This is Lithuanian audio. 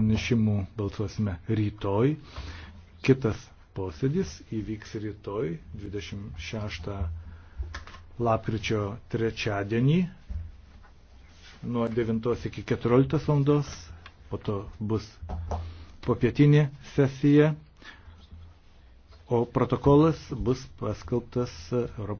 pranešimų balsuosime rytoj. Kitas posėdis įvyks rytoj 26 lapkričio trečiadienį nuo 9 iki 14 valandos, po to bus popietinė sesija, o protokolas bus paskelbtas Europos.